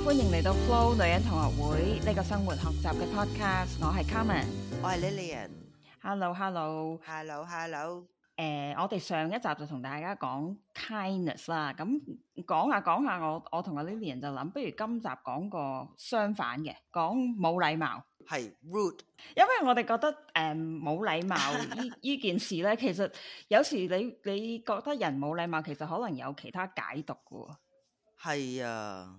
歡迎嚟到 Flo 女人同學會呢個生活學習嘅 podcast，我係 Carmen，我係 Lilian。Hello，Hello，Hello，Hello。誒，我哋上一集就同大家講 kindness 啦，咁講下講下，我我同阿 Lilian 就諗，不如今集講個相反嘅，講冇禮貌係 rude。因為我哋覺得誒冇禮貌呢呢件事咧，其實有時你你覺得人冇禮貌，其實可能有其他解讀嘅。係啊。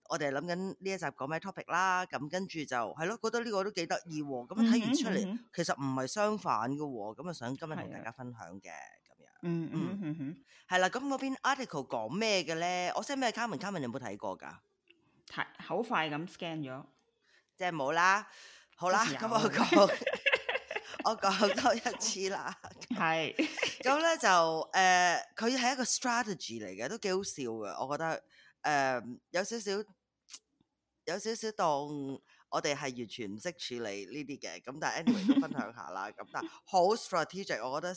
我哋諗緊呢一集講咩 topic 啦，咁跟住就係咯，覺得呢個都幾得意喎。咁睇完出嚟，其實唔係相反嘅喎。咁啊，想今日同大家分享嘅咁樣。嗯嗯嗯哼，係啦。咁嗰邊 article 講咩嘅咧？我 send 俾 Carmen，Carmen 你有冇睇過㗎？睇好快咁 scan 咗，即係冇啦。好啦，咁我講，我講多一次啦。係。咁咧就誒，佢係一個 strategy 嚟嘅，都幾好笑嘅。我覺得誒有少少。有少少當我哋係完全唔識處理呢啲嘅，咁但係 anyway 都分享下啦。咁 但係好 strategic 我覺得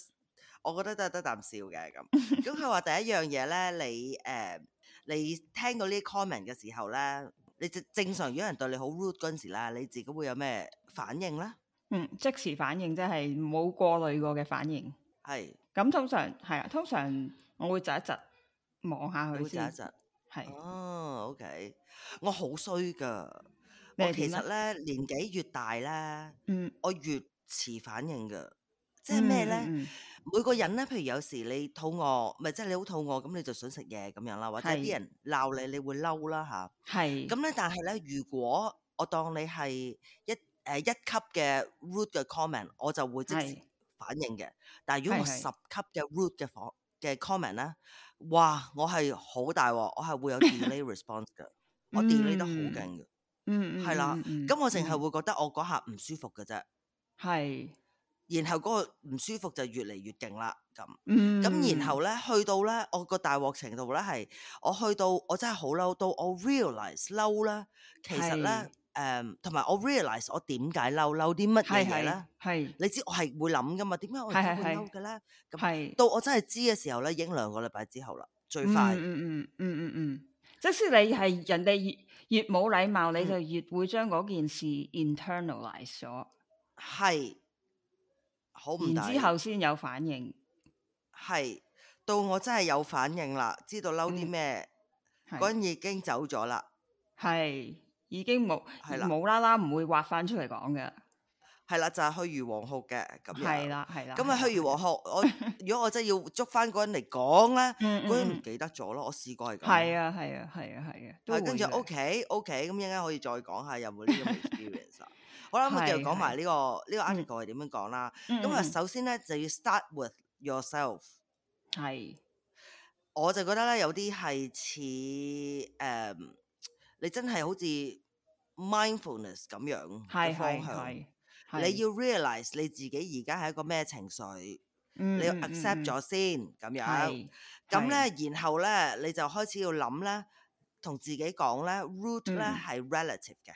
我覺得都係得啖笑嘅咁。咁佢話第一樣嘢咧，你誒、呃、你聽到呢啲 comment 嘅時候咧，你正正常有人對你好 rude 嗰陣時啦，你自己會有咩反應咧？嗯，即時反應即係冇過濾過嘅反應。係咁是，通常係啊，通常我會窒一窒，望下佢先會窒一窒。哦、oh，OK，我好衰噶，我其實咧，年紀越大咧，嗯，我越遲反應噶，即係咩咧？嗯嗯，每個人咧，譬如有時你肚餓，咪即係你好肚餓，咁你就想食嘢咁樣啦，或者啲人鬧你，是你會嬲啦吓。係、啊。咁咧是，但係咧，如果我當你係一誒、呃、一級嘅 rude 嘅 comment，我就會即時反應嘅。是但係如果我十級嘅 rude 嘅房嘅 comment 咧，哇！我係好大鑊，我係會有 delay response 嘅， 嗯、我 delay 得好勁嘅，嗯嗯，係啦，咁、嗯嗯、我淨係會覺得我嗰下唔舒服嘅啫，係是，然後嗰個唔舒服就越嚟越勁啦，咁，咁、嗯、然後咧去到咧，我個大鑊程度咧係，我去到我真係好嬲到我 realize 嬲啦，其實咧。誒，同埋、um, 我 realize 我點解嬲嬲啲乜嘢咧？係你知我係會諗噶嘛？點解我係會嬲嘅咧？咁到我真係知嘅時候咧，已經兩個禮拜之後啦，最快。嗯嗯嗯嗯嗯，嗯，嗯，即使你係人哋越越冇禮貌，你就越會將嗰件事 internalize 咗。係好唔大，之後先有反應。係到我真係有反應啦，知道嬲啲咩，嗰、嗯、人已經走咗啦。係。已經冇，係啦，無啦啦唔會挖翻出嚟講嘅，係啦，就係杳如黃鶴嘅咁樣，係啦係啦，咁啊杳如黃鶴，我如果我真係要捉翻嗰人嚟講咧，嗰人唔記得咗咯，我試過係咁，係啊係啊係啊係啊，跟住 OK OK，咁應該可以再講下有冇呢個 experience，好啦，咁啊繼續講埋呢個呢個 article 係點樣講啦，咁啊首先咧就要 start with yourself，係，我就覺得咧有啲係似誒。你真係好似 mindfulness 咁樣，嘅方向，是是是是你要 realize 你自己而家係一個咩情緒，嗯嗯嗯你要 accept 咗先咁、嗯嗯嗯、樣，咁咧是是，然後咧，你就開始要諗咧，同自己講咧，root 咧係、嗯、relative 嘅，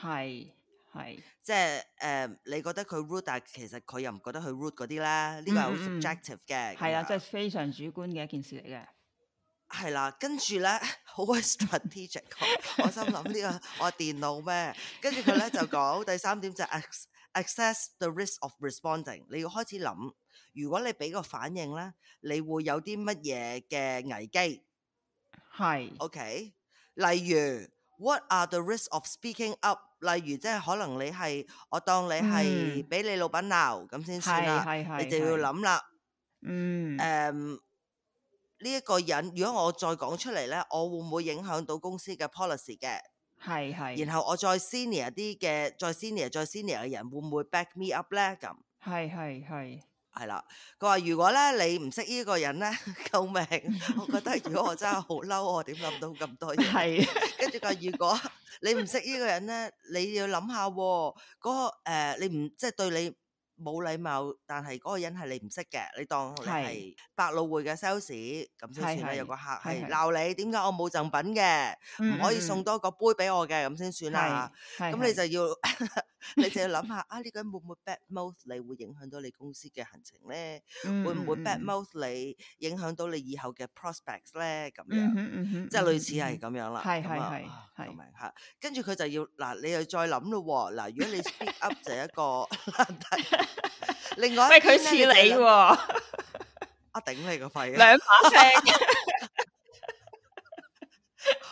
係是，係、呃，即係誒你覺得佢 root，但係其實佢又唔覺得佢 root 嗰啲啦，呢、這個係好 subjective 嘅，係啊，即係、就是、非常主觀嘅一件事嚟嘅。係啦，跟住咧好鬼 strategic， 我心諗呢個我電腦咩？跟住佢咧就講第三點就係 access the risk of responding，你要開始諗，如果你俾個反應咧，你會有啲乜嘢嘅危機？係是，OK。例如 what are the risks of speaking up？例如即係可能你係我當你係俾你老闆鬧咁先算啦，你就要諗啦。嗯，誒。Um, 呢一個人，如果我再講出嚟咧，我會唔會影響到公司嘅 policy 嘅？係係。然後我再 senior 啲嘅，再 senior 再 senior 嘅人會唔會 back me up 咧？咁係係係係啦。佢話：如果咧你唔識呢一個人咧，救命！我覺得如果我真係好嬲， 我點諗到咁多嘢？係是。跟住佢話：如果你唔識呢個人咧，你要諗下嗰、嗰個、呃、你唔即係對你。冇禮貌，但係嗰個人係你唔識嘅，你當你係百老匯嘅 sales 咁先算啦。的有個客係鬧你，點解的我冇贈品嘅？唔、嗯嗯、可以送多個杯俾我嘅，咁先算啦。咁你就要。 你就要諗下啊，呢個人會唔會 bad mouth 你，會影響到你公司嘅行程咧？嗯、會唔會 bad mouth 你，影響到你以後嘅 prospects 咧？咁樣，即係、嗯、哼類似係咁樣啦。係係係，明吓、嗯哼。跟住佢就要嗱，你又再諗咯。嗱，如果你 speak up 就、這、一個難題。 另外一，喂， 佢似你、喔。 啊！頂你個肺。兩把聲。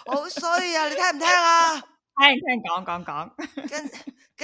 好衰啊！你聽唔聽啊？聽聽講講講。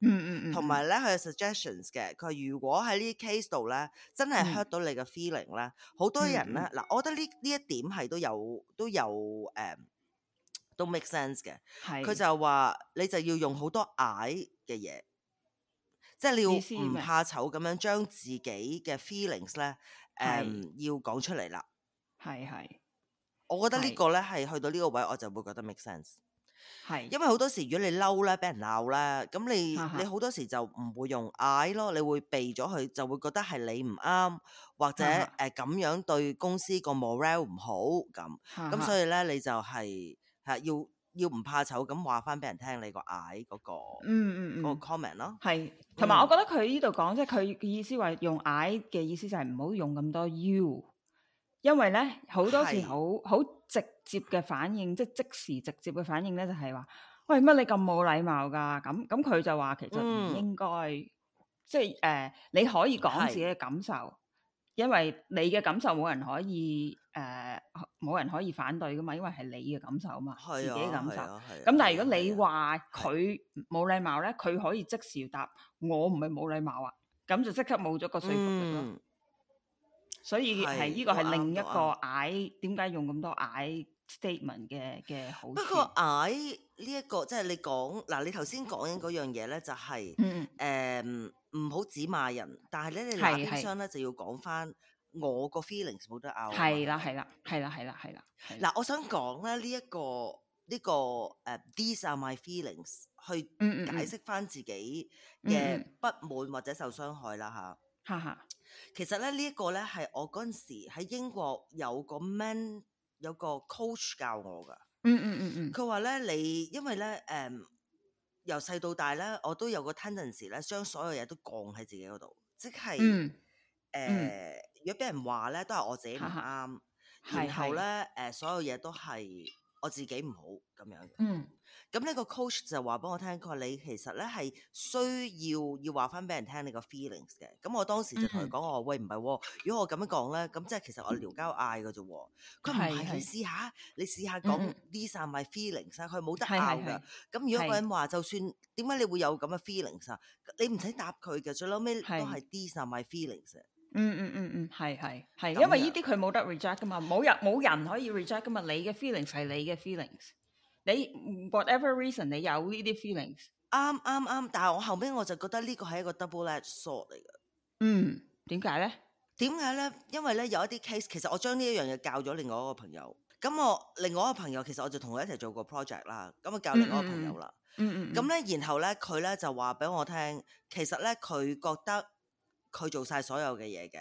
嗯嗯嗯，同埋咧，佢有 suggestions 嘅。佢如果喺呢啲 case 度咧，真係 hurt 到你嘅 feeling 咧，好、嗯、多人咧，嗱、嗯，我覺得呢呢一點係都有都有誒、嗯，都 make sense 嘅。係佢是就話你就要用好多矮嘅嘢，即係你要唔怕醜咁樣將自己嘅 feelings 咧，誒、嗯是嗯，要講出嚟啦。係係，我覺得個呢個咧係去到呢個位，我就會覺得 make sense。係，是因為好多時如果你嬲咧，俾人鬧咧，咁你是是你好多時就唔會用 I 咯，你會避咗佢，就會覺得係你唔啱，或者誒咁是、呃、樣對公司個 morale 唔好咁，咁所以咧是你就係、是、係要要唔怕醜咁話翻俾人聽你、那個 I 嗰個嗯嗯，嗯個 comment 咯是，係、嗯，同埋我覺得佢呢度講即係佢意思話用 I 嘅意思就係唔好用咁多 U。因為咧好多次好好直接嘅反應，即係即，即時直接嘅反應咧，就係、是、話：喂，乜你咁冇禮貌㗎？咁咁佢就話其實唔應該，嗯、即係誒、呃、你可以講自己嘅感受，是的 因為你嘅感受冇人可以誒冇、呃、人可以反對噶嘛，因為係你嘅感受啊嘛，的自己嘅感受。咁但係如果你話佢冇禮貌咧，佢可以即時答我唔係冇禮貌啊，咁就即刻冇咗個説服力咯。所以係呢是個係我另一個 I 我」點解用咁多 I statement 嘅嘅好處？不過 I、呢個」呢一個即係你講嗱，你頭先講緊嗰樣嘢咧、就是，就係誒唔好指罵人，但係咧你拿天窗咧就要講翻我個 feelings 冇得拗。係啦係啦係啦係啦係啦。嗱，我想講咧呢一個呢、呢個誒、呢個 uh,，these are my feelings 去解釋翻自己嘅不滿或者受傷害啦吓。哈哈、嗯。 其實咧呢一個咧係我嗰陣時喺英國有個 man 有個 coach 教我噶、嗯，嗯嗯嗯嗯，佢話咧你因為咧誒、嗯、由細到大咧我都有個 tendency 咧將所有嘢都降喺自己嗰度，即係誒如果俾人話咧都係我自己唔啱， 然後咧誒 所有嘢都係。我自己唔好咁樣。嗯，咁呢個 coach 就話俾我聽，佢話你其實咧係需要要話翻俾人聽你個 feelings 嘅。咁我當時就同佢講，我話、嗯、哼喂唔係、哦，如果我咁樣講咧，咁即係其實我撩交嗌嘅啫。佢唔係，試下你試下講 these are my feelings。佢冇得拗嘅。咁如果個人話就算點解你會有咁嘅 feelings，你唔使答佢嘅。最撈尾都係 these are my feelings。是嗯嗯嗯嗯，係係係，因為呢啲佢冇得 reject 噶嘛，冇人冇人可以 reject 噶嘛，你嘅 feelings 係你嘅 feelings，你 whatever reason 你有呢啲 feelings，啱啱啱。但係我後屘我就覺得呢個係一個 double edge sword 嚟嘅。嗯，點解咧？點解咧？因為咧有一啲 case，其實我將呢一樣嘢教咗另外一個朋友，咁我另外一個朋友其實我就同佢一齊做過 project 啦，咁啊教另外一個朋友啦、嗯，嗯嗯，咁、嗯、咧、嗯、然後咧佢咧就話俾我聽，其實咧佢覺得。佢做晒所有嘅嘢嘅，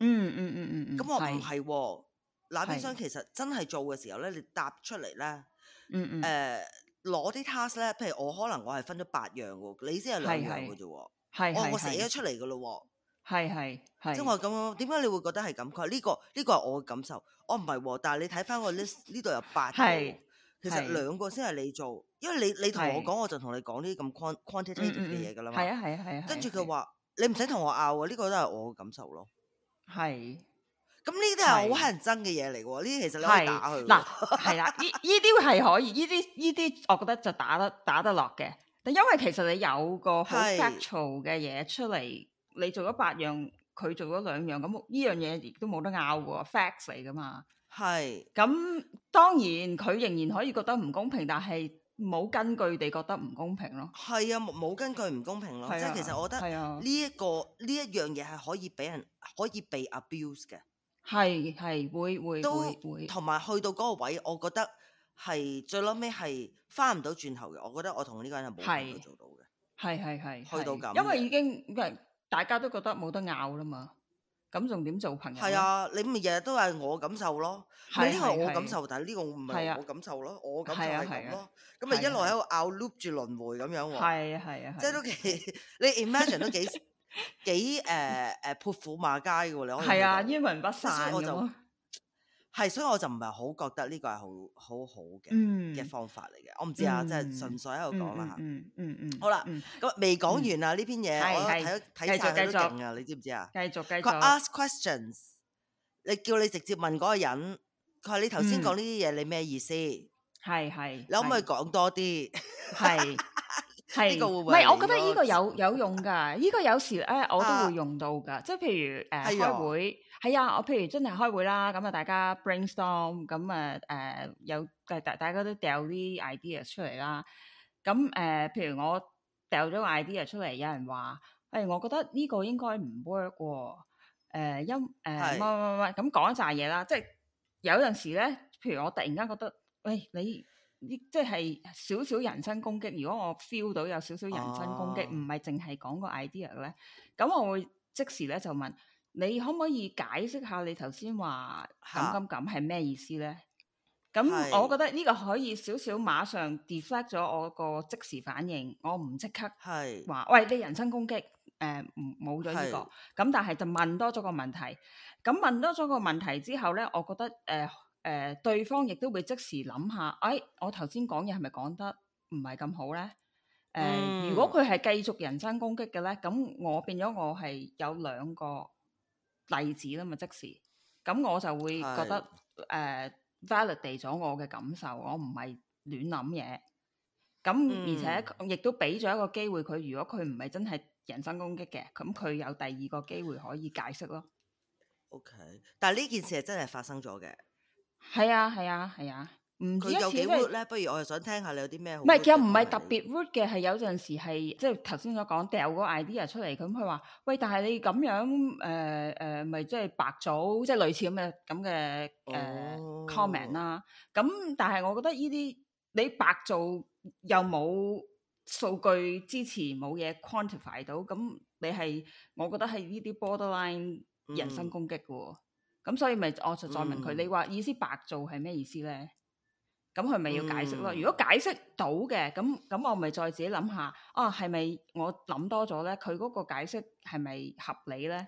嗯嗯嗯嗯，咁我唔係，攔邊箱其實真係做嘅時候咧，你搭出嚟咧，嗯嗯，誒攞啲 task 咧，譬如我可能我係分咗八樣嘅，你先係兩樣嘅啫，係我我寫咗出嚟嘅咯，係係係，即係我咁樣點解你會覺得係咁？佢話呢個呢個係我嘅感受，我唔係喎，但係你睇翻個 list 呢度有八個，其實兩個先係你做，因為你你同我講，我就同你講啲咁 quantitative 嘅嘢噶啦嘛，係啊係係，跟住佢話。你唔使同我拗啊！呢個都係我嘅感受咯。係是。咁呢啲係好乞人憎嘅嘢嚟喎。呢啲是其實你可以打佢。嗱，係啦。呢依啲係可以，呢啲呢啲，我覺得就打得打得落嘅。但因為其實你有個好 factual 嘅嘢出嚟，是你做咗八樣，佢做咗兩樣，咁呢樣嘢亦都冇得拗喎，facts 嚟噶嘛。係是。咁當然佢仍然可以覺得唔公平，但係。冇根據地覺得唔公平咯，係啊冇根據唔公平咯，啊、即係其實我覺得呢、呢個啊、一個呢一樣嘢係可以俾人可以被 abuse 嘅，係係會會都會同埋去到嗰個位，我覺得係最孻尾係翻唔到轉頭嘅。我覺得我同呢個人係冇辦法做到嘅，係係係去到咁，因為已經大家都覺得冇得拗啦嘛。咁仲點做朋友？係啊，你咪日日都係我感受咯。係呢個我感受，但係呢個唔係我感受咯。我感受係咁咯。咁咪一路喺度拗 loop 住輪迴咁樣喎。係啊係啊，即係都幾，你 imagine 都幾幾誒誒潑婦罵街嘅喎你。係啊，冤魂不散咁。係，所以我就唔係好覺得呢個係好好好嘅嘅方法嚟嘅。我唔知啊，即係純粹喺度講啦吓。嗯嗯嗯。好啦，咁未講完啊呢篇嘢，我睇睇晒都勁啊！你知唔知啊？繼續繼續。佢 ask questions，你叫你直接問嗰個人，佢話你頭先講呢啲嘢你咩意思？係係，你可唔可以講多啲？係。係，唔係我覺得呢個有有，有用㗎，呢、這個有時誒我都會用到㗎，即係譬如誒開會，係啊，ahead, 我譬如真係開會啦，咁啊大家 brainstorm 咁啊誒、呃、有大大大家都掉啲 idea 出嚟啦，咁誒譬如我掉咗個 idea 出嚟，有人話誒我覺得呢個應該唔 work 喎，誒因誒乜乜乜咁講一紮嘢啦，即係有陣時咧，譬如我突然間覺得，喂、嗯、你。即係少少人身攻擊。如果我 feel 到有少少人身攻擊，唔係淨係講個 idea 嘅咧，咁我會即時咧就問你可唔可以解釋下你頭先話噉噉噉係咩意思咧？咁我覺得呢個可以少少馬上 deflect 咗我個即時反應，我唔即刻係話是喂，你人身攻擊誒，冇咗呢個。咁是但係就問多咗個問題。咁問多咗個問題之後咧，我覺得誒。呃誒、呃，對方亦都會即時諗下，誒、哎，我頭先講嘢係咪講得唔係咁好咧？誒、呃，嗯、如果佢係繼續人身攻擊嘅咧，咁我變咗我係有兩個例子啦嘛。即時咁，我就會覺得誒是、呃、，validate 咗我嘅感受，我唔係亂諗嘢。咁而且、嗯、亦都俾咗一個機會，佢如果佢唔係真係人身攻擊嘅，咁佢有第二個機會可以解釋咯。OK，但係呢件事係真係發生咗嘅。係啊係啊係啊，唔、啊啊、止一次咧、就係。不如我又想聽下你有啲咩？唔係，佢又唔係特別 good 嘅，係有陣時係即係頭先我講掉嗰個 idea 出嚟，咁佢話喂，但係你咁樣誒誒，咪即係白做，即係類似咁嘅咁嘅誒 comment 啦。咁但係我覺得呢啲你白做又冇數據支持，冇嘢、oh. quantify 到，咁你係我覺得係呢啲 borderline 人身攻擊嘅。Mm. 咁所以咪我就再問佢，你話意思白做係咩意思咧？咁佢咪要解釋咯。如果解釋到嘅，咁咁我咪再自己諗下，哦、啊，係咪我諗多咗咧？佢嗰個解釋係咪合理咧？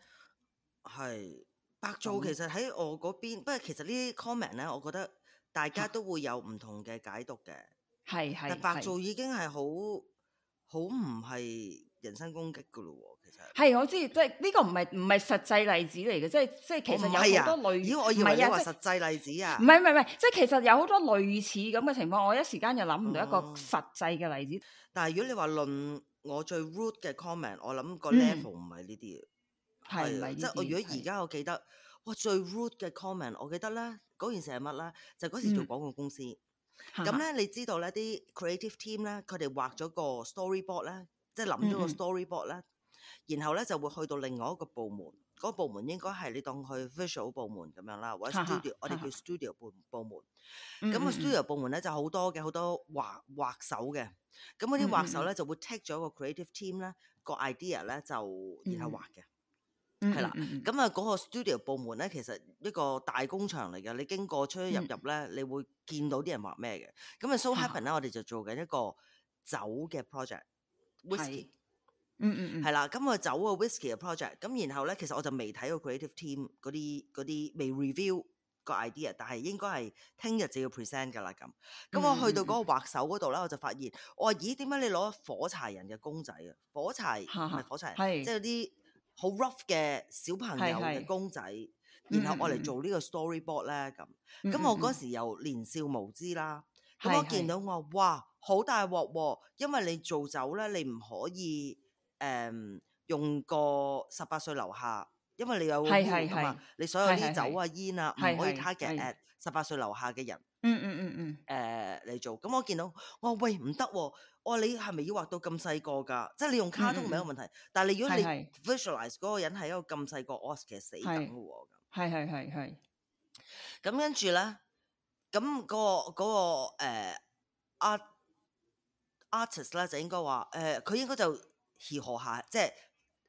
係白做其實喺我嗰邊，嗯、不過其實呢啲 comment 咧，我覺得大家都會有唔同嘅解讀嘅。係，係白做已經係好好唔係人身攻擊噶咯。係，我知，即係呢個唔係唔係實際例子嚟嘅，即係即係其實有好多類似。唔係啊，我以為一個實際例子啊，唔係唔係唔係，即係其實有好多類似咁嘅情況。我一時間又諗唔到一個實際嘅例子。但係如果你話論我最 root 嘅 comment，我諗個 level 唔係呢啲嘅，係即係我如果而家我記得，哇，最 root 嘅 comment，我記得咧嗰件事係乜咧？就嗰時做廣告公司，咁咧你知道咧啲 creative team 咧，佢哋畫咗個 storyboard 咧，即係諗咗個 storyboard 咧。然後咧就會去到另外一個部門，嗰個部門應該係你當佢 visual 部門咁樣啦，或者 studio，我哋叫 studio 部部門。咁個 studio 部門咧就好多嘅好多畫畫手嘅，咁嗰啲畫手咧就會 take 咗個 creative team 咧個 idea 咧就然後畫嘅，係啦。咁啊嗰個 studio 部門咧其實一個大工場嚟㗎，你經過出出入入咧，你會見到啲人畫咩嘅。咁啊，so happen 啦，我哋就做緊一個酒嘅 project，whisky。嗯嗯嗯，係啦。咁我走個 whisky 嘅 project，咁然後咧，其實我就未睇 creat 個 creative team 嗰啲啲，未 review 個 idea，但係應該係聽日就要 present 噶啦。咁咁，嗯嗯、我去到嗰個畫手嗰度咧，我就發現我話咦，點解你攞火柴人嘅公仔啊？火柴唔係哈火柴人，係即係啲好 rough 嘅小朋友嘅公仔。是是然後嗯嗯嗯那我嚟做呢個 storyboard 咧，咁咁我嗰時又年少無知啦。咁我見到我話，是是哇好大鑊，因為你做酒咧，你唔可以。誒，用個十八歲樓下，因為你有年齡嘛，你所有啲酒啊、煙啊，唔可以 target at 十八歲樓下嘅人。嗯嗯嗯嗯。誒，嚟做，咁我見到，我話喂，唔得，我話你係咪要畫到咁細個噶？即係你用卡通唔係一個問題，但係如果你 visualise 嗰個人係一個咁細個 Oscar 死梗喎。係係係係。咁跟住咧，咁個嗰個誒 art artist 啦，就應該話，誒，佢應該就。協和下即係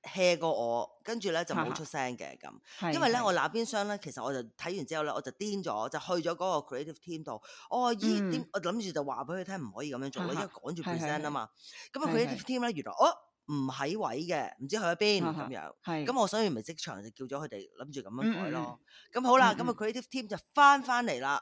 hea 過我，跟住咧就冇出聲嘅咁。因為咧我那邊箱咧，其實我就睇完之後咧，我就癲咗，就去咗嗰個 creative team 度。哦，依啲我諗住就話俾佢聽，唔可以咁樣做，因為趕住 present 啊嘛。咁啊，creative team 咧原來哦唔喺位嘅，唔知去咗邊咁樣。係咁，我所以咪即場就叫咗佢哋諗住咁樣改咯。咁好啦，咁啊 creative team 就翻翻嚟啦。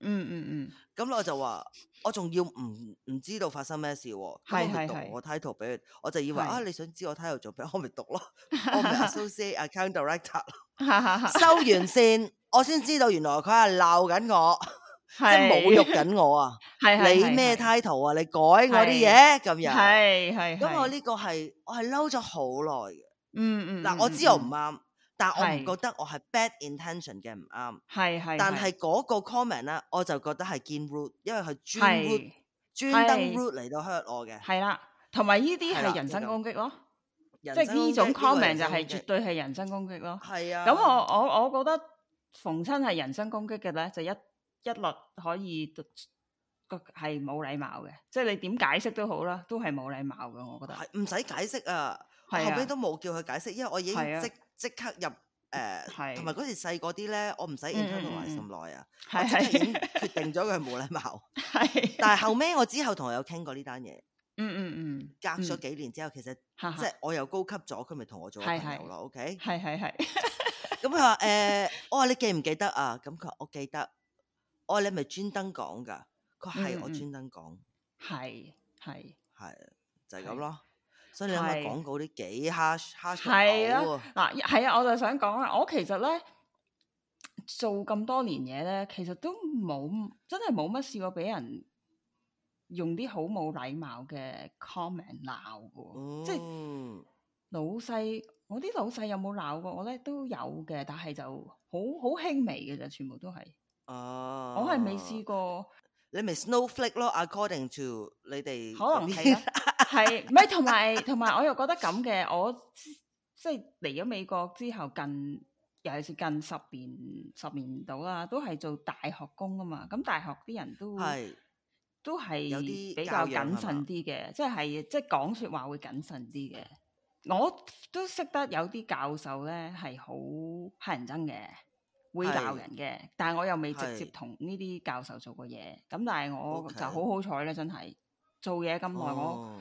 嗯嗯嗯，咁我就話，我仲要唔唔知道發生咩事，我去讀我 title 俾佢，我就以為啊你想知我 title 做咩，我咪讀咯。我咪 so s a Account Director。收完線我先知道原來佢係鬧緊我，即係侮辱緊我啊！係你咩 title 啊？你改我啲嘢咁樣，係係。咁我呢個係我係嬲咗好耐嘅，嗯嗯。嗱，我知我唔啱。但我唔覺得我係 bad intention 嘅唔啱，但係嗰個 comment 咧，我就覺得係 mean rude，因為佢專登 rude 嚟到 hurt 我嘅，係啦，同埋呢啲係人身攻擊咯，即係呢種 comment 就係絕對係人身攻擊咯。係啊，咁的、嗯、我我我覺得逢親係人身攻擊嘅咧，就一一律可以個係冇禮貌嘅，即係你點解釋都好啦，都係冇禮貌嘅，我覺得係唔使解釋啊。後尾都冇叫佢解釋，因為我已經即即刻入誒，同埋嗰時細個啲咧，我唔使 interaction 咁耐啊，我即刻已經決定咗佢係冇禮貌。係，但係後尾我之後同佢有傾過呢單嘢。嗯嗯嗯，隔咗幾年之後，其實即係我又高級咗，佢咪同我做朋友咯？OK，係係係。咁佢話誒，我話你記唔記得啊？咁佢話我記得。我話你咪專登講噶，佢係我專登講。係係係，就係咁咯。所以你係咪講嗰啲幾 harsh 出嚟喎。係啦、啊，嗱係啊，我就想講啊，我其實咧做咁多年嘢咧，其實都冇真係冇乜試過俾人用啲好冇禮貌嘅 comment 鬧嘅。嗯、即係老細，我啲老細有冇鬧過我咧，都有嘅，但係就好好輕微嘅啫，全部都係。哦、啊，我係未試過。你咪 snowflake 咯？According to 你哋，可能係 係，唔係同埋同埋，我又覺得咁嘅。 我即係嚟咗美國之後，近，尤其是近十年十年到啦，都係做大學工啊嘛。咁大學啲人都是都係比較謹慎啲嘅吧，即係即係講説話會謹慎啲嘅。我都識得有啲教授咧係好乞人憎嘅，會鬧人嘅。是但係我又未直接同呢啲教授做過嘢事。咁但係我就好好彩咧，真係。做嘢咁耐，哦、我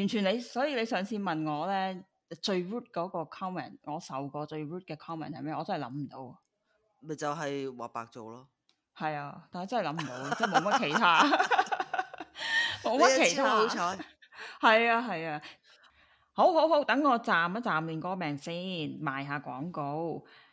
完全你，所以你上次問我咧最 rude 嗰個 comment，我受過最 rude 嘅 comment 係咩？我真係諗唔到，咪就係話白做咯。係啊，但係真係諗唔到，即係冇乜其他，冇乜 其他好彩。係 啊係啊，啊，好好好，等我站一站面哥命先，賣下廣告。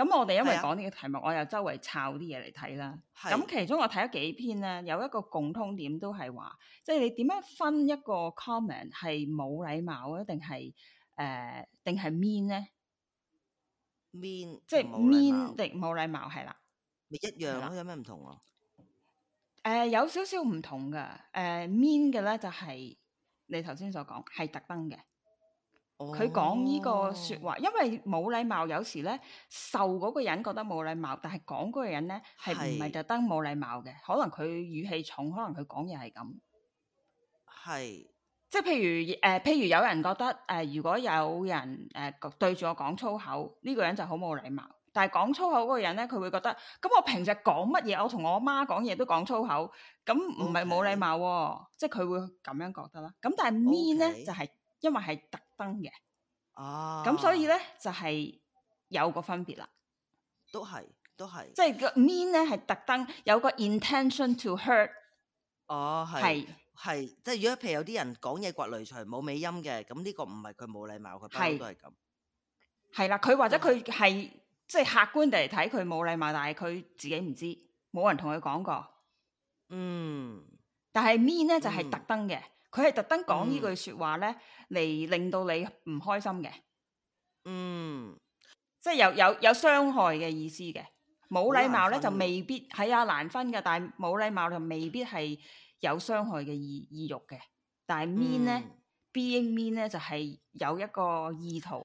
咁我哋因為講呢個題目，的我又周圍抄啲嘢嚟睇啦。咁的其中我睇咗幾篇咧，有一個共通點都係話，即係你點樣分一個 comment 係冇禮貌啊，定係誒定係 mean 咧？mean 即係 mean 定冇禮貌係啦，咪一樣咯？有咩唔同喎？誒有少少唔同㗎。誒 mean 嘅咧就係你頭先所講係特登嘅。佢講呢個説話，因為冇禮貌。有時咧，受嗰個人覺得冇禮貌，但係講嗰個人咧係唔係特登冇禮貌嘅？可能佢語氣重，可能佢講嘢係咁。係，是 即係譬如誒、呃，譬如有人覺得誒、呃，如果有人誒、呃、對住我講粗口，呢、呢個人就好冇禮貌。但係講粗口嗰個人咧，佢會覺得咁我平時講乜嘢？我同我媽講嘢都講粗口，咁唔係冇禮貌喎 Okay.、哦。即係佢會咁樣覺得啦。咁但係 mean 咧就係就係因為係特登嘅。哦、啊，咁所以咧就係、是、有個分別啦，都係都係，即係個 mean 咧係特登有個 intention to hurt。哦，係係，即係如果譬如有啲人講嘢倔擂槌冇尾音嘅，咁呢個唔係佢冇禮貌，佢本身都係咁，係啦，佢或者佢係即係客觀地嚟睇佢冇禮貌，但係佢自己唔知，冇人同佢講過，嗯，但係 mean 咧就係特登嘅。嗯嗯佢係特登講呢句說話咧，嚟、嗯、令到你唔開心嘅，嗯，即係有有有傷害嘅意思嘅，冇禮貌咧就未必係啊難分嘅，但係冇禮貌就未必係、啊、有傷害嘅意意欲嘅，但係 mean 咧、嗯，being mean 咧就係、是、有一個意圖。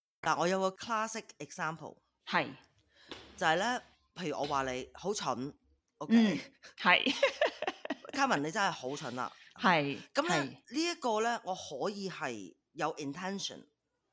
嗱，我有個 classic example，係是就係咧，譬如我話你好蠢，OK，係 Carmen 你真係好蠢啦，啊，係是，咁咧，嗯、呢一是個咧，我可以係有 intention，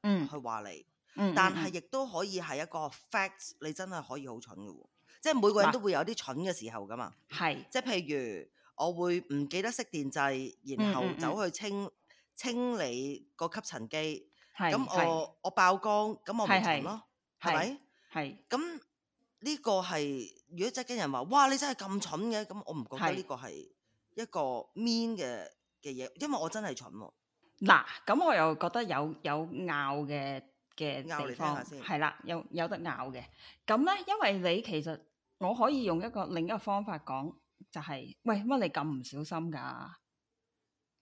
去話你，嗯、但係亦都可以係一個 facts，你真係可以好蠢噶，嗯嗯嗯，即係每個人都會有啲蠢嘅時候噶嘛，係，啊，是即係譬如我會唔記得熄電掣，然後走去清、嗯、清，清理個吸塵機。咁 我是是我爆光，咁我咪蠢咯，係咪是是 吧？係咁，呢個係，如果真係有人話，哇！你真係咁蠢嘅，咁我唔覺得呢個係一個 mean 嘅嘅嘢，因為我真係蠢喎。嗱，咁我又覺得有有拗嘅嘅地方，係啦，有有得拗嘅。咁咧，因為你其實我可以用一個另一個方法講，就係、係、喂乜你咁唔小心㗎？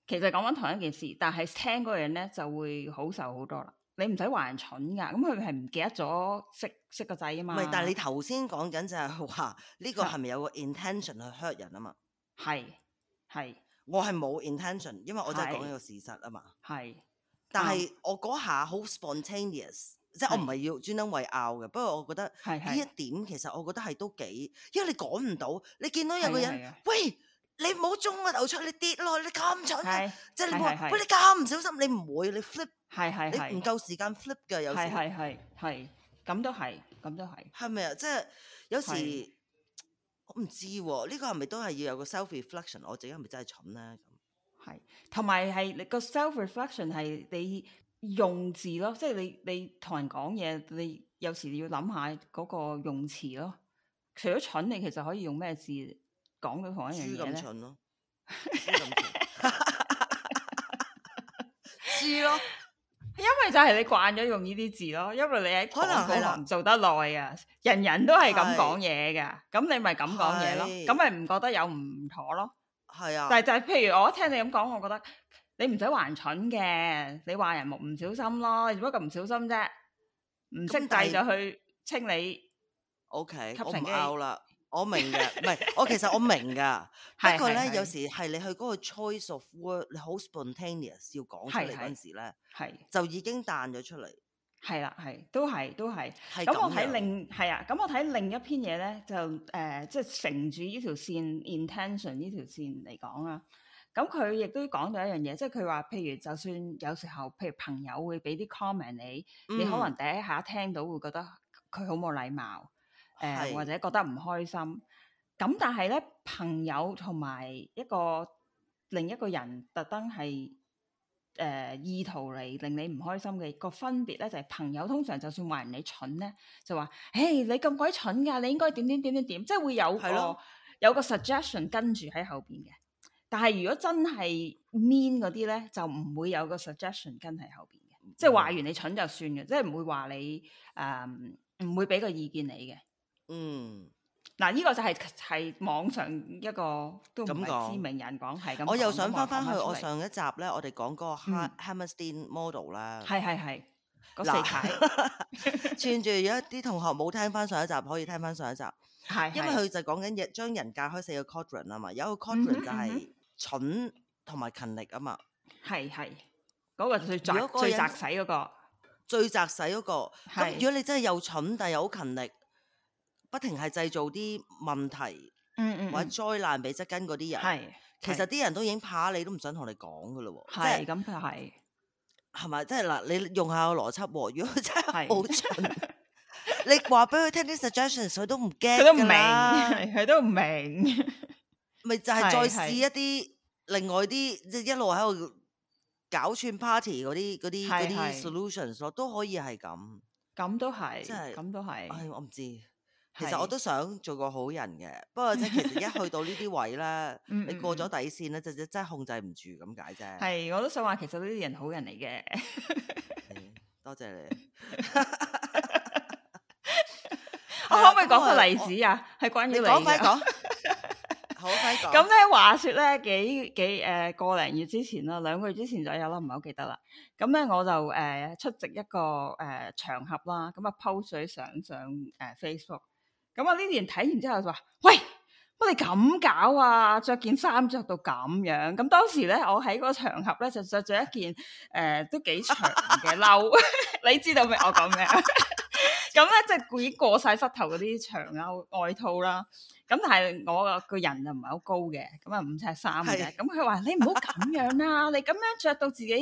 其實講緊同一件事，但係聽嗰個人咧就會好受好多啦。你唔使話人蠢噶，咁佢係唔記得咗識識個仔啊嘛。唔係，但係你頭先講緊就係話呢個係咪有個 intention 去 hurt 人啊嘛？係係，我係冇 intention，因為我真係講呢個事實啊嘛。係，但係我嗰下好 spontaneous，即係我唔係要專登為拗嘅。不過我覺得呢一點其實我覺得係都幾，因為你講唔到，你見到有個人喂。你唔好中啊！流出你跌落，你咁蠢嘅，是即係你喂，你咁唔小心，你唔會，你 flip，你唔夠時間 flip 嘅，有時係係係，係咁都係，咁都係，係咪啊？即係有時是我唔知呢個係咪都係要有個 self reflection，我自己係咪真係蠢咧？係，同埋係你個 self reflection 係你用字咯，即係你你同人講嘢，你有時要諗下嗰個用詞咯。除咗蠢，你其實可以用咩字？講嘅同一樣嘢咧，豬咁蠢咯，豬咁蠢，知咯，因為就係你慣咗用呢啲字咯，因為你喺廣告行做得耐啊，人人都係咁講嘢噶，咁你咪咁講嘢咯，咁咪唔覺得有唔妥咯，係啊，但係就係譬如我聽你咁講，我覺得你唔使話人蠢嘅，你話人唔小心咯，做乜咁唔小心啫？唔識遞就去清理，OK，我唔 out 啦。 我明嘅，唔係我其實我明噶， 不過咧是有時係你去嗰個 choice of word，你好 spontaneous 要講出嚟嗰陣時咧，係是就已經彈咗出嚟。係啦，係都係都係。咁我睇另係啊，咁我睇另、啊、另一篇嘢咧，就誒即係乘住呢條線 intention 呢條線嚟講啦。咁佢亦都講到一樣嘢，即係佢話，譬如就算有時候，譬如朋友會俾啲 comment 你，嗯、你可能第一下聽到會覺得佢好冇禮貌。誒是、呃，或者覺得唔開心，咁但係咧，朋友同埋一個另一個人特登係誒意圖嚟令你唔開心嘅個分別咧就係、是、朋友通常就算話人哋蠢咧，就話誒、hey, 你咁鬼蠢噶，你應該點點點點點，即係會有個的有個 suggestion 跟住喺後邊嘅。但係如果真係 mean 啲咧，就唔會有個 suggestion 跟喺後邊嘅，嗯、即係話完你蠢就算嘅，即係唔會話你誒唔、呃、會俾個意見你嘅。嗯，嗱，呢個就係係網上一個都唔知名人講，係咁。我又想翻翻去我上一集咧，我哋講嗰個 Ham Hammerstein Model 啦，係係係嗱，串住有一啲同學冇聽翻上一集，可以聽翻上一集，係，因為佢就講緊嘢，將人隔開四個 Quadrant 啊嘛，有一個 Quadrant 就係蠢同埋勤力啊嘛，係係，嗰個就係最最渣屎嗰個，最渣屎嗰個，咁如果你真係又蠢但係又好勤力。不停係製造啲問題，嗯嗯，或者災難俾側根嗰啲人，係其實啲人都已經怕你，都唔想同你講噶咯，即係咁係，係咪？即係嗱，你用下個邏輯，如果真係好蠢，你話俾佢聽啲 suggestions，佢都唔驚，佢都唔明，佢都唔明，咪就係再試一啲另外啲，即係一路喺度搞串 party 嗰啲嗰啲啲 solutions 都可以係咁，咁都係，即係咁都係，唉，我唔知。其實我都想做個好人嘅，不過即其實一去到呢啲位咧， 你過咗底線咧， 嗯嗯就真真係控制唔住咁解啫。係，我都想話其實呢啲人好人嚟嘅。 多謝你。我可唔可以講個例子啊？係我 關於你講，快講。 好快講說。咁咧，話說咧幾幾誒，幾個零月之前啦，兩個月之前左右啦，唔係好記得啦。咁咧，我就誒出席一個誒場合啦，咁啊 post 上上誒 Facebook。咁我呢年睇完之後就話：喂，你咁搞啊！着件衫着到咁樣。咁當時咧，我喺嗰個場合咧就着咗一件誒、呃、都幾長嘅褸。 你知道咩？我講咩？咁 咧就故意過晒膝頭嗰啲長褸外套啦。咁但係我個人就唔係好高嘅，咁啊五尺三嘅。咁佢話：你唔好咁樣啦、啊，你咁樣着到自己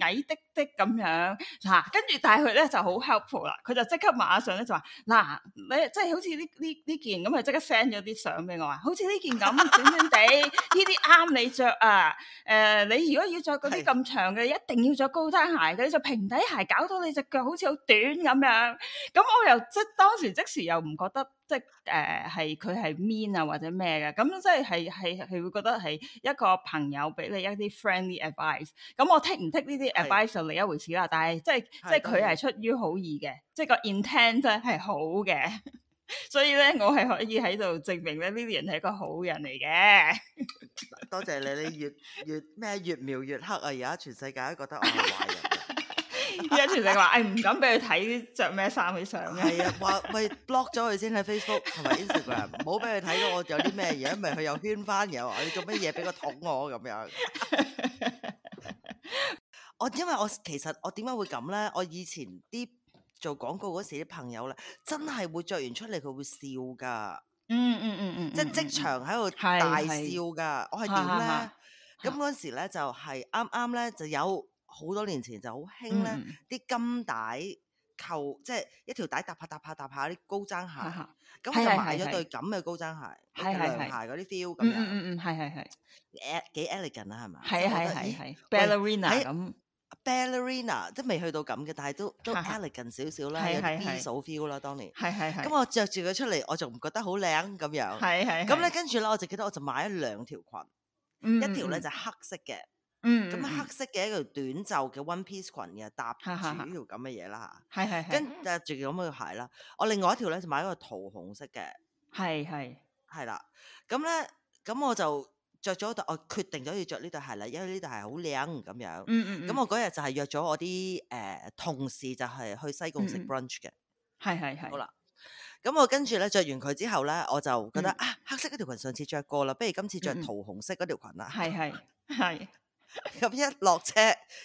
矮啲啲咁樣。嗱，跟住帶佢咧就好 helpful 啦。佢就即刻馬上咧就話：嗱，你即係好似呢呢呢件咁，佢即刻 send 咗啲相俾我啊。好似呢件咁短短地，呢啲啱你着啊。誒，你如果要着嗰啲咁長嘅， 一定要着高踭鞋嘅，你着平底鞋搞到你隻腳好似好短咁樣。咁我又即當時即時又唔覺得。即係誒，係、呃、佢係 mean 啊，或者咩嘅，咁、嗯、即係係係會覺得係一個朋友俾你一啲 friendly advice、嗯。咁我剔唔剔呢啲 advice 的就另一回事啦。但係即係的即係佢係出於好意嘅，即係個 intent 咧係好嘅。所以咧，我係可以喺度證明咧 Lilian 係一個好人嚟嘅。多謝你，你越越咩越描越，越黑啊！而家全世界都覺得我係壞人。 一家 全城話，唔敢俾佢睇着咩衫嘅相係啊，話喂 block 咗佢先喺 Facebook 同埋 face Instagram，唔好俾佢睇我有啲咩嘢，因咪佢又圈翻，又話你做乜嘢俾我捅我咁樣。我 因為我其實我點解會咁咧？我以前啲做廣告嗰時啲朋友咧，真係會着完出嚟佢會笑噶、嗯。嗯嗯嗯嗯，即係即場喺度大笑噶。我係點咧？咁嗰時咧就係啱啱咧就有。好多年前就好興咧，啲金帶扣，即係一條帶搭拍搭拍搭拍啲高踭鞋，咁我就買咗對咁嘅高踭鞋，涼鞋嗰啲 feel 咁樣。嗯嗯嗯嗯，係係係，幾 elegant 啊，係咪？係係係，ballerina 咁，ballerina 都未去到咁嘅，但係都都 elegant 少少啦，有 bistro feel 啦，當年。係係係。咁我著住佢出嚟，我仲唔覺得好靚咁樣。係係。咁咧，跟住咧，我就記得我就買咗兩條裙，一條咧就黑色嘅。咁、嗯嗯嗯、黑色嘅一條短袖嘅 one piece 裙嘅，搭住呢條咁嘅嘢啦，係係，跟住着住咁嘅鞋啦。是是是，我另外一條咧就買一個桃紅色嘅，係係是，係啦。咁咧，咁我就着咗對，我決定咗要着呢對鞋啦，因為呢對鞋好靚咁樣。嗯，咁我嗰日就係約咗我啲誒、呃、同事，就係去西貢食 brunch 嘅，係係係。好啦，咁我跟住咧着完佢之後咧，我就覺得是是是啊，黑色嗰條裙上次着過啦，不如今次着桃紅色嗰條裙啦。係係係。是是是是是咁一落車，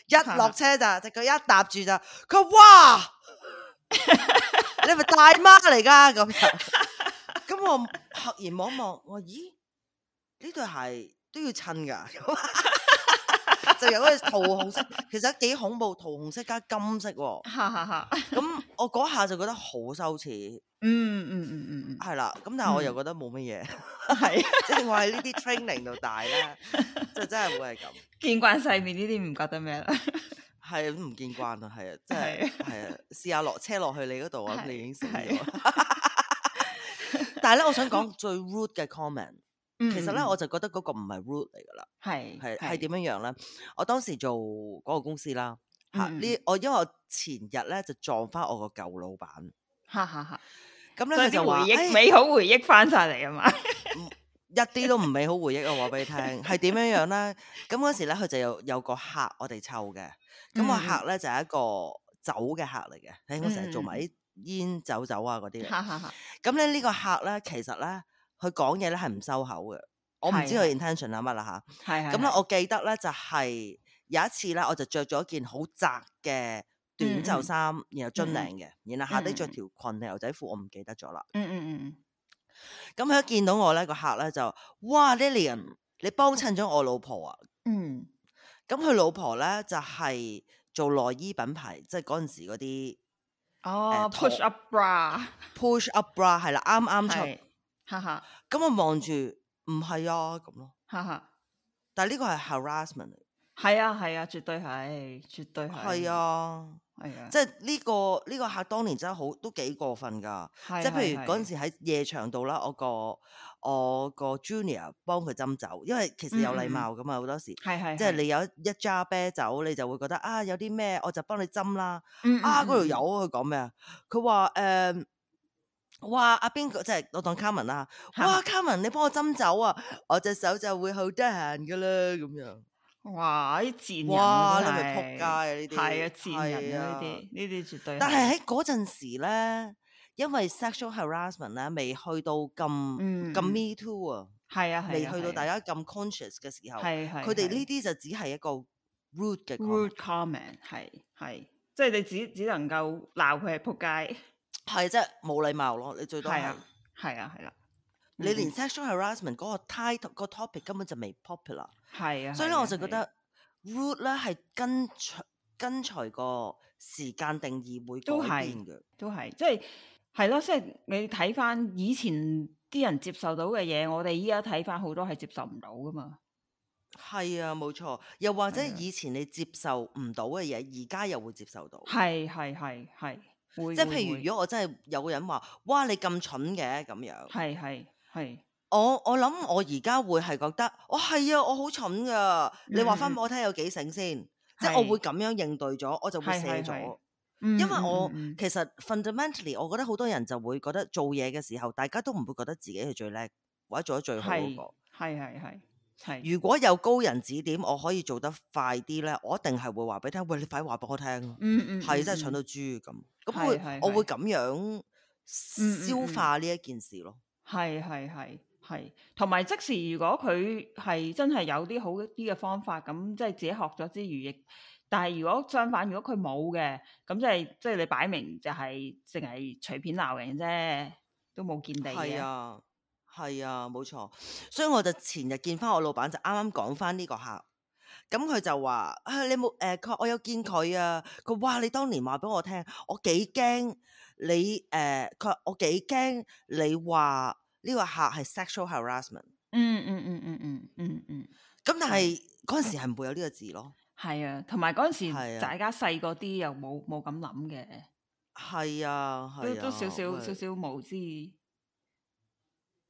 一落車、啊、就佢一搭住就佢哇， 你係咪大媽嚟噶咁？咁 我愕然望一望，我咦呢對鞋都要襯噶。 就由嗰個桃紅色，其實幾恐怖，桃紅色加金色喎。哈哈哈。咁我嗰下就覺得好羞恥。嗯嗯嗯嗯。係 啦，咁但係我又覺得冇乜嘢。係， 即係我喺呢啲 training 度大咧， 就真係會係咁。見慣世面呢啲唔覺得咩？係 唔 見慣啊，係啊，真係係啊，試下落車落去你嗰度啊，你已經笑咗。但係咧，我想講最 rude 嘅 comment。其實咧，我就覺得嗰個唔係 root 嚟噶啦，係係係點樣樣咧？我當時做嗰個公司啦，吓呢我因為我前日咧就撞翻我個舊老闆，咁咧佢就回憶美好回憶翻晒嚟啊嘛，一啲都唔美好回憶我話俾你聽，係點樣樣咧？咁嗰時咧佢就有有個客我哋湊嘅，咁個客咧就係一個酒嘅客嚟嘅，佢成日做埋啲煙酒酒啊嗰啲，咁咧呢個客咧其實咧。佢講嘢咧係唔收口嘅，我唔知佢 intention 係乜啦吓，係係咁咧，嗯嗯、我記得咧就係有一次咧，我就着咗件好窄嘅短袖衫，嗯、然後樽領嘅，然後下底着條裙定牛仔褲，我唔記得咗啦。嗯嗯嗯。咁佢一見到我咧，個客咧就，哇，Lilian，你幫襯咗我老婆啊！嗯。咁佢老婆咧就係、是、做內衣品牌，即係嗰陣時嗰啲。哦、嗯哎、push up bra。Push up bra 係啦，啱啱出。嗯哈哈，咁我望住唔係啊，咁咯。哈哈，但係呢個係 harassment 嚟。係啊，係啊，絕對係，絕對係。係啊，係啊，即係呢個呢、呢個客當年真係好都幾過分噶即係譬如嗰陣時喺夜場度啦，我個我個 junior 幫佢斟酒，因為其實有禮貌㗎嘛。好、嗯嗯、多時。係係。即係你有一紮啤酒，你就會覺得啊，有啲咩我就幫你斟啦。啊，嗰條友佢講咩啊？佢話，誒。哇！阿邊個即係我當 Carmen 啦，哇 Carmen，你幫我斟酒啊，我隻手就會好得閒噶啦咁樣。哇啲賤人嚟，你仆街啊呢啲，係啊賤人啊呢啲，呢啲絕對。但係喺嗰陣時咧，因為 sexual harassment 咧未去到咁咁 me too 啊，係啊未去到大家咁 conscious 嘅時候，係係佢哋呢啲就只係一個 rude 嘅 rude comment，係係即係你只只能夠鬧佢係仆街。係即係，冇禮貌咯。你最多係啊，係啊，係啦。你連 sexual harassment 嗰個 title 個 topic 根本就未 popular 的。係啊，所以咧，我就覺得 rude 咧係跟隨跟隨個時間定義會改變嘅。都係，即係係咯。即係你睇翻以前啲人接受到嘅嘢，我哋依家睇翻好多係接受唔到噶嘛。係啊，冇錯。又或者以前你接受唔到嘅嘢，而家的又會接受到。係係係係。會即係譬如如果我真係有個人話，哇你咁蠢嘅咁樣，係係係，我我諗我而家會係覺得，哦，係啊我好蠢噶，是是你話翻俾我聽有幾醒先，即係我會咁樣應對咗，我就會死咗，是是是因為我、嗯、其實 fundamentally，、嗯、我覺得好多人就會覺得做嘢嘅時候，大家都唔會覺得自己係最叻或者做得最好嗰個，係係係。是是是是是如果有高人指點，我可以做得快啲咧，我一定係會話俾你聽。喂，你快話俾我聽咯、嗯。嗯嗯，係真係蠢到豬咁。咁會我，我會咁樣消化呢一、嗯、件事咯。係係係係，同埋即時如果佢係真係有啲好一啲嘅方法，咁即係自己學咗之餘，亦但係如果相反，如果佢冇嘅，咁即係即係你擺明就係淨係隨便鬧人啫，都冇見地係啊。係啊，冇錯，所以我就前日見翻我老闆，就啱啱講翻呢個客，咁佢就話啊，你冇誒，佢我有見佢啊，佢哇，你當年話俾我聽，我幾驚你誒，佢我幾驚你話呢個客係 sexual harassment。嗯嗯嗯嗯嗯嗯嗯，咁但係嗰陣時係唔會有呢個字咯。係啊，同埋嗰陣時就大家細個啲，又冇冇咁諗嘅。係啊，都都少少少少無知。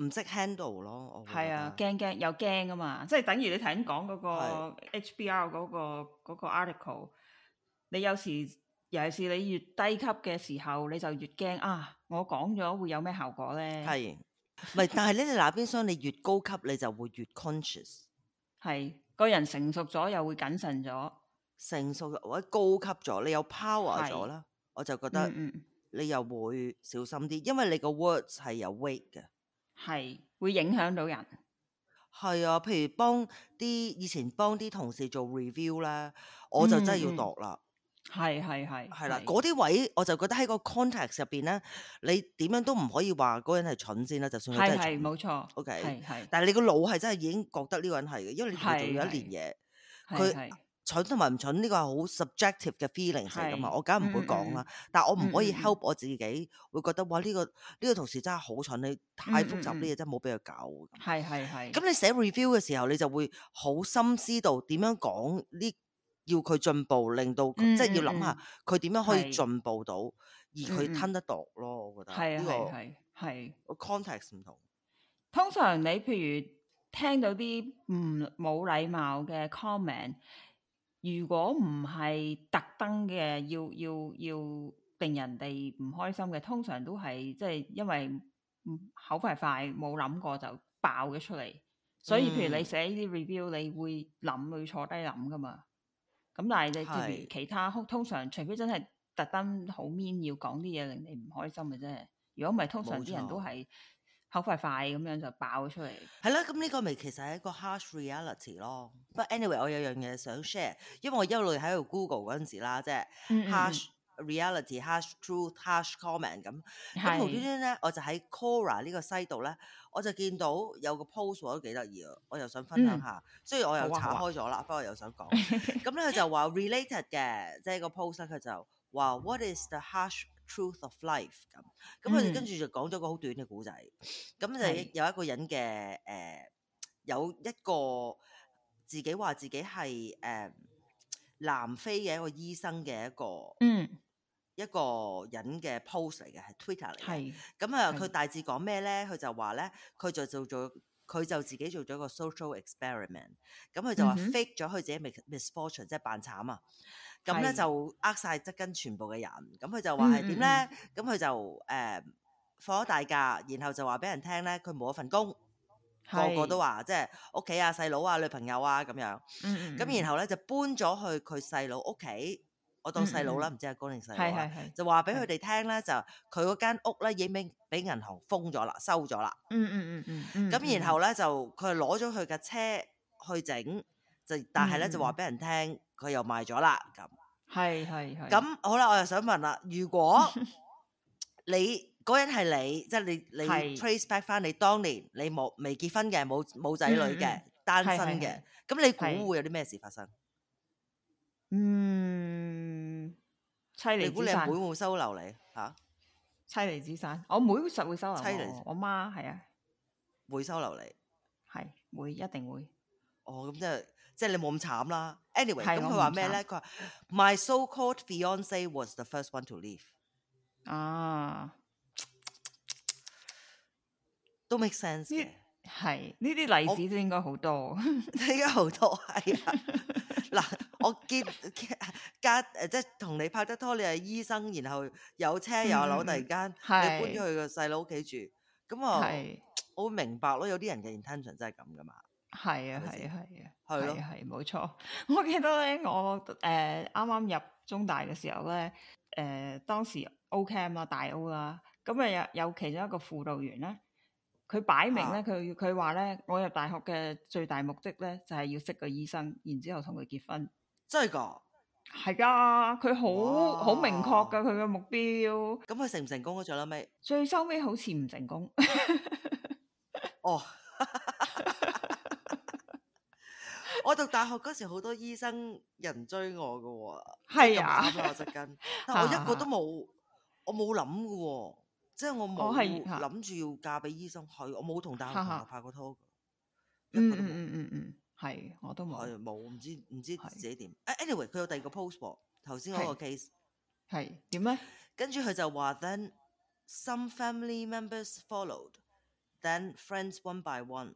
唔識 handle 咯，我係啊，驚驚又驚啊嘛！即係等於你頭先講嗰個 HBR 嗰、嗰個嗰是個 article。你有時尤其是你越低級嘅時候，你就越驚啊！我講咗會有咩效果咧？係咪？但係咧，你嗱邊箱你越高級，你就會越 conscious。係 個人成熟咗，又會謹慎咗。成熟或者高級咗，你有 power 咗啦，是我就覺得你又會小心啲， 因為你個 words 係有 weight 嘅。係會影響到人，係啊，譬如幫啲以前幫啲同事做 review 咧，嗯，我就真係要度啦。係係係，係啦，嗰啲位我就覺得喺個 context 入邊咧，你點樣都唔可以話嗰人係蠢先啦，就算係真係蠢，冇錯。OK，係係，但係你個腦係真係已經覺得呢個人係嘅，因為你做咗一年嘢，佢。他蠢同埋唔蠢呢個係好 subjective 嘅 feeling 嚟㗎嘛，我梗係唔會講啦。但係我唔可以 help 我自己，會覺得哇呢個呢個同事真係好蠢，你太複雜啲嘢真係冇俾佢搞。係係係。咁你寫 review 嘅時候，你就會好深思到點樣講呢？要佢進步，令到即係要諗下佢點樣可以進步到，而佢吞得度咯。我覺得係係係個 context 唔同。通常你譬如聽到啲唔冇禮貌嘅 comment。如果唔係特登嘅，要要要令人哋唔開心嘅，通常都係即係因為口快快冇諗過就爆咗出嚟。嗯，所以譬如你寫呢啲 review，你會諗，會坐低諗噶嘛？咁但係你啲其他是通常除非真係特登好 mean 要講啲嘢令你唔開心嘅啫。如果唔係，通常啲人都係。口快快咁樣就爆咗出嚟，係啦。咁呢個咪其實係一個 harsh reality 咯。不過 anyway，我有樣嘢想 share，因為我一路喺度 google 嗰陣時啦，即係 harsh reality，harsh truth，harsh comment 咁咁，無端端咧我就喺 Cora 呢個西度咧，我就見到有個 post 我都幾得意啊，我又想分享下。所以我又查開咗啦，不過我又想講咁咧，佢就話 related 嘅，即係個 post 佢就話 what is the harsh。Truth of life 咁、嗯，咁佢哋跟住就講咗個好短嘅故仔，咁、嗯、就有一個人嘅誒、呃，有一個自己話自己係誒、呃、南非嘅一個醫生嘅一個，嗯，一個人嘅 post 嚟嘅，係 Twitter 嚟嘅。咁啊，佢大致講咩咧？佢就話咧，佢就做咗，佢就自己做咗個 social experiment、嗯。咁、嗯、佢、嗯、就話 fake 咗佢自己 misfortune，即係扮慘啊！咁咧就呃晒側跟全部嘅人，咁佢就話係點咧？咁佢就誒放咗大假，然後就話俾人聽咧，佢冇咗份工，個個都話即係屋企啊、細佬啊、女朋友啊咁樣。咁然後咧就搬咗去佢細佬屋企，我當細佬啦，唔知阿高定細佬啊，就話俾佢哋聽咧，就佢嗰間屋咧已經俾銀行封咗啦、收咗啦。嗯嗯嗯嗯。咁然後咧就佢攞咗佢架車去整，就但係咧就話俾人聽佢又賣咗啦咁。係係係，咁好啦，我又想問啦，如果你嗰人係你，即係你你 trace back 翻你當年你冇未結婚嘅冇冇仔女嘅單身嘅，咁你估會有啲咩事發生？嗯，妻離子散。你估你阿妹會收留你吓？妻離子散，我妹實會收留我，我媽係啊，會收留你，係會一定會。哦，咁即係。即係你冇咁慘啦。Anyway，咁佢話咩咧？佢話 My so-called fiance was the first one to leave。啊，都 make sense。嘅。係，呢啲例子都我應該好多。應該好多係啦。嗱、 哎，我見家誒即係同你拍得拖，你係醫生，然後有車有樓，突然間你搬咗去個細佬屋企住，咁、嗯、我是我會明白咯。有啲人嘅 intention 真係咁噶嘛？係啊，係啊，係啊，係咯的，係冇錯。的沒錯 我記得咧，我誒啱啱入中大嘅時候咧，誒、呃、當時 O camp 啊，大 O 啦，咁啊有有其中一個輔導員咧，佢擺明咧佢，佢話咧，我入大學嘅最大目的咧，就係、是、要識個醫生，然之後同佢結婚。真係噶？係噶？佢好好明確噶佢嘅目標。咁佢成唔成功啊？在拉尾。最收尾好似唔成功。 哦。我讀大學嗰時，好多醫生人追我㗎喎、哦，啊，我啦，最但我一個都冇， 我冇諗㗎喎，即係我冇諗住要嫁俾醫生，去。我冇同大學同學 拍過拖，一個都冇、嗯，嗯嗯嗯嗯，係、嗯，我都冇，冇，唔知唔知自己點。誒是，anyway，佢有第二個 post 喎，頭先嗰個 case 係點咧？呢跟住佢就話，then some family members followed，then friends one by one。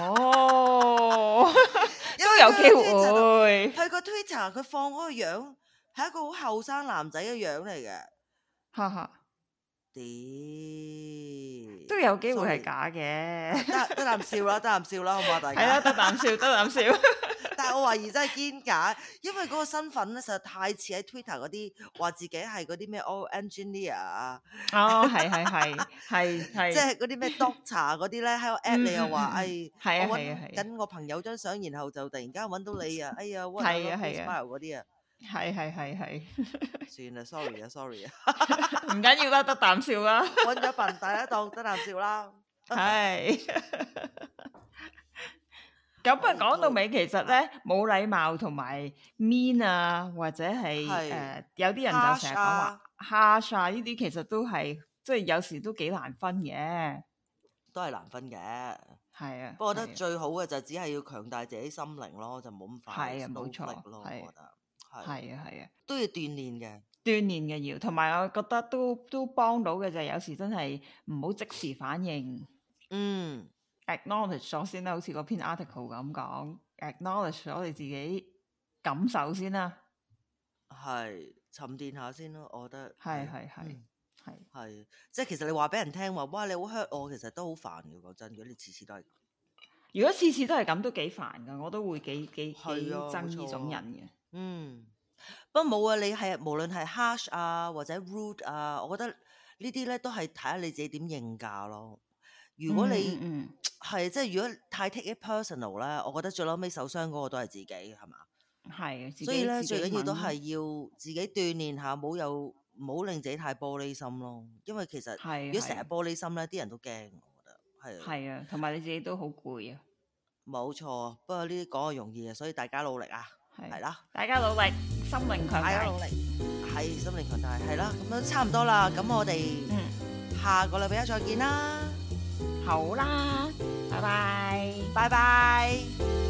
哦，都有機會。佢個 Twitter 佢放嗰個樣係一個好後生男仔嘅樣嚟嘅，哈哈，啲都有機會係假嘅，得得啖笑啦，得啖笑啦，好唔好？ 大家得啖笑，得啖笑。 我懷疑真係堅假，因為嗰個身份咧實在太似喺 Twitter 嗰啲話自己係嗰啲咩 all engineer 啊，哦係係係係係，即係嗰啲咩 doctor 嗰啲咧喺度 at 你又話，哎係啊係啊，緊我朋友張相，然後就突然間揾到你啊，哎呀，係啊係啊，style 嗰啲啊，係係係係，算啦，sorry 啊，sorry 啊，唔緊要啦，得啖笑啦，揾咗笨大一檔得啖笑啦，係。咁啊，講到尾其實咧，冇禮貌同埋 mean 啊，或者係誒的、呃，有啲人就成日講話下晒」呢啲、啊，啊、其實都係即係有時都幾難分嘅，都係難分嘅。係啊，不過覺得最好嘅就是只係要強大自己心靈咯，就冇咁快，冇的 So 錯咯，係啊的，係啊，都要鍛鍊嘅，鍛鍊嘅要，同埋我覺得都都，都幫到嘅就係有時真係唔好即時反應，嗯。acknowledge 咗先啦，好似嗰篇 article 咁講，acknowledge 咗你自己感受先啦，係沉澱下先咯，我覺得係係係係係，即係其實你話俾人聽話，哇你好 hurt 我，其實都好煩嘅，講真，如果你次次都係，如果次次都係咁，都幾煩噶，我都會幾幾幾憎呢種人嘅。嗯，不過冇啊，你係無論係 harsh 啊或者 rude 啊，我覺得呢啲咧都係睇下你自己點應價咯。如果你係即係，如果太 take it personal 咧，我覺得最嬲尾受傷嗰個都係自己係嘛？係，所以咧自己 最緊要都係要自己鍛鍊下，冇又冇令自己太玻璃心咯。因為其實是的 如果成日玻璃心咧，啲的人都驚，我覺得係係啊，同埋你自己都好攰啊。冇錯，不過呢啲講係容易啊，所以大家努力啊，係啦的的，大家努力，心靈強大，大家努力係心靈強大，係啦，咁都、嗯、差唔多啦。咁我哋下個禮拜一 再，再見啦。好啦，拜拜，拜拜。